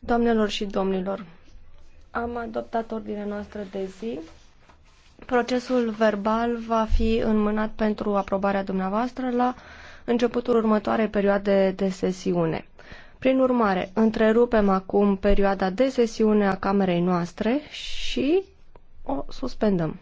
Doamnelor și domnilor, am adoptat ordinea noastră de zi. Procesul verbal va fi înmânat pentru aprobarea dumneavoastră la începutul următoarei perioade de sesiune. Prin urmare, întrerupem acum perioada de sesiune a camerei noastre și o suspendăm.